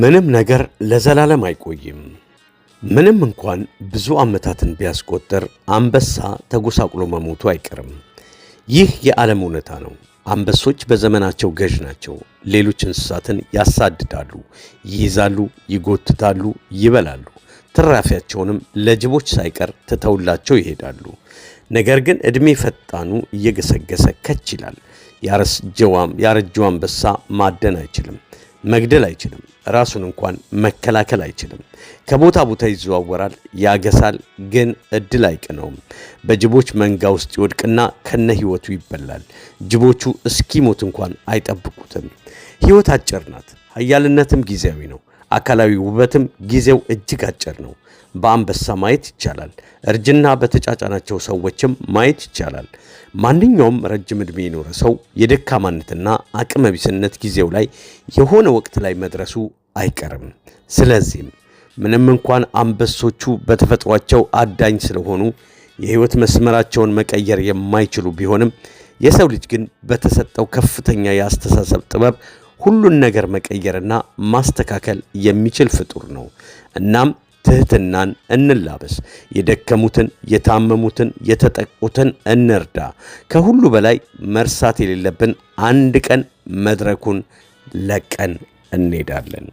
ምንም ነገር ለዘላለም አይቆይም። ምንም እንኳን ብዙ ዓመታትን ቢያስቆጥር አንበሳ ተጎሳቁሎ መሞቱ አይቀርም። ይህ የዓለም እውነታ ነው። አንበሶች በዘመናቸው ገዥ ናቸው። ሌሎች እንስሳትን ያሳድዳሉ፣ ይይዛሉ፣ ይጎትታሉ፣ ይበላሉ። ትራፊያቸውንም ለጅቦች ሳይቀር ትተውላቸው ይሄዳሉ። ነገር ግን ዕድሜ ፈጣኑ እየገሰገሰ ከች ይላል። ያረጀው አንበሳ ማደን አይችልም። መግደል አይችልም። ራሱን እንኳን መከላከል አይችልም። ከቦታ ቦታ ይዘዋወራል፣ ያገሳል፣ ግን እድል አይቀነውም። በጅቦች መንጋ ውስጥ ይወድቅና ከነ ህይወቱ ይበላል። ጅቦቹ እስኪሞት እንኳን አይጠብቁትም። ህይወት አጭር ናት፣ ሀያልነትም ጊዜያዊ ነው። አካላዊ ውበትም ጊዜው እጅግ አጭር ነው። በአንበሳ ማየት ይቻላል። እርጅና በተጫጫናቸው ሰዎችም ማየት ይቻላል። ማንኛውም ረጅም ዕድሜ የኖረ ሰው የደካማነትና አቅመቢስነት ጊዜው ላይ የሆነ ወቅት ላይ መድረሱ አይቀርም። ስለዚህም ምንም እንኳን አንበሶቹ በተፈጥሯቸው አዳኝ ስለሆኑ የህይወት መስመራቸውን መቀየር የማይችሉ ቢሆንም የሰው ልጅ ግን በተሰጠው ከፍተኛ የአስተሳሰብ ጥበብ ሁሉን ነገር መቀየርና ማስተካከል የሚችል ፍጡር ነው። እናም ትህትናን እንላበስ። የደከሙትን፣ የታመሙትን፣ የተጠቁትን እንርዳ። ከሁሉ በላይ መርሳት የሌለብን አንድ ቀን መድረኩን ለቀን እንሄዳለን።